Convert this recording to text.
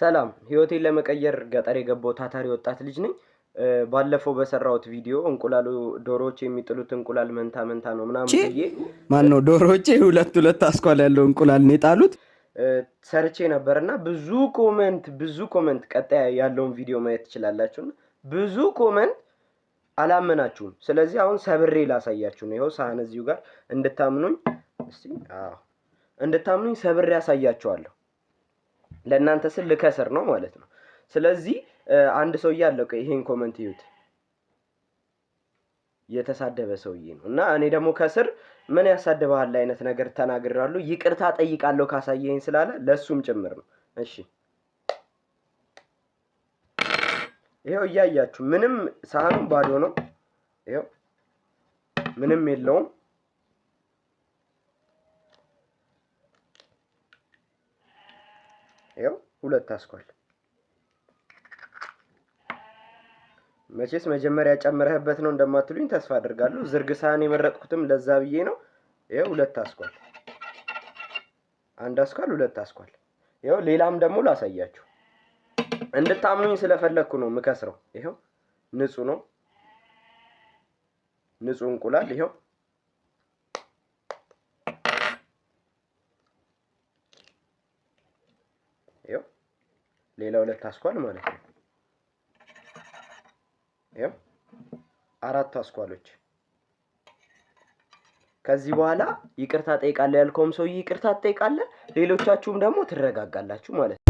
ሰላም ህይወቴን ለመቀየር ገጠር የገባው ታታሪ ወጣት ልጅ ነኝ። ባለፈው በሰራሁት ቪዲዮ እንቁላሉ ዶሮዎች የሚጥሉት እንቁላል መንታ መንታ ነው ምናምን ብዬ ማን ነው ዶሮዎቼ ሁለት ሁለት አስኳል ያለው እንቁላል ነው የጣሉት ሰርቼ ነበርና ብዙ ኮመንት ብዙ ኮመንት፣ ቀጣይ ያለውን ቪዲዮ ማየት ትችላላችሁ። ብዙ ኮመንት አላመናችሁም። ስለዚህ አሁን ሰብሬ ላሳያችሁ ነው። ይኸው ሳህን እዚሁ ጋር እንድታምኑኝ እንድታምኑኝ ሰብሬ ያሳያችኋለሁ። ለእናንተ ስል ልከስር ነው ማለት ነው። ስለዚህ አንድ ሰውዬ እያለቀ ይሄን ኮመንት ይዩት። የተሳደበ ሰውዬ ነው እና እኔ ደግሞ ከስር ምን ያሳድበሃል አይነት ነገር ተናግራሉ። ይቅርታ ጠይቃለሁ ካሳየኝ ስላለ ለእሱም ጭምር ነው። እሺ ይኸው እያያችሁ ምንም ሳህኑ ባዶ ነው። ይኸው ምንም የለውም። ይኸው ሁለት አስኳል። መቼስ መጀመሪያ ጨምረህበት ነው እንደማትሉኝ ተስፋ አድርጋለሁ። ዝርግ ሳህን የመረጥኩትም ለዛ ብዬ ነው። ይኸው ሁለት አስኳል፣ አንድ አስኳል፣ ሁለት አስኳል። ይኸው ሌላም ደግሞ ላሳያችሁ። እንድታምኑኝ ስለፈለግኩ ነው ምከስረው ይኸው ንጹህ ነው፣ ንጹህ እንቁላል ይኸው ይኸው ሌላ ሁለት አስኳል ማለት ነው። ይኸው አራት አስኳሎች። ከዚህ በኋላ ይቅርታ ጠይቃለህ ያልከውም ሰውዬ ይቅርታ ትጠይቃለህ፣ ሌሎቻችሁም ደግሞ ትረጋጋላችሁ ማለት ነው።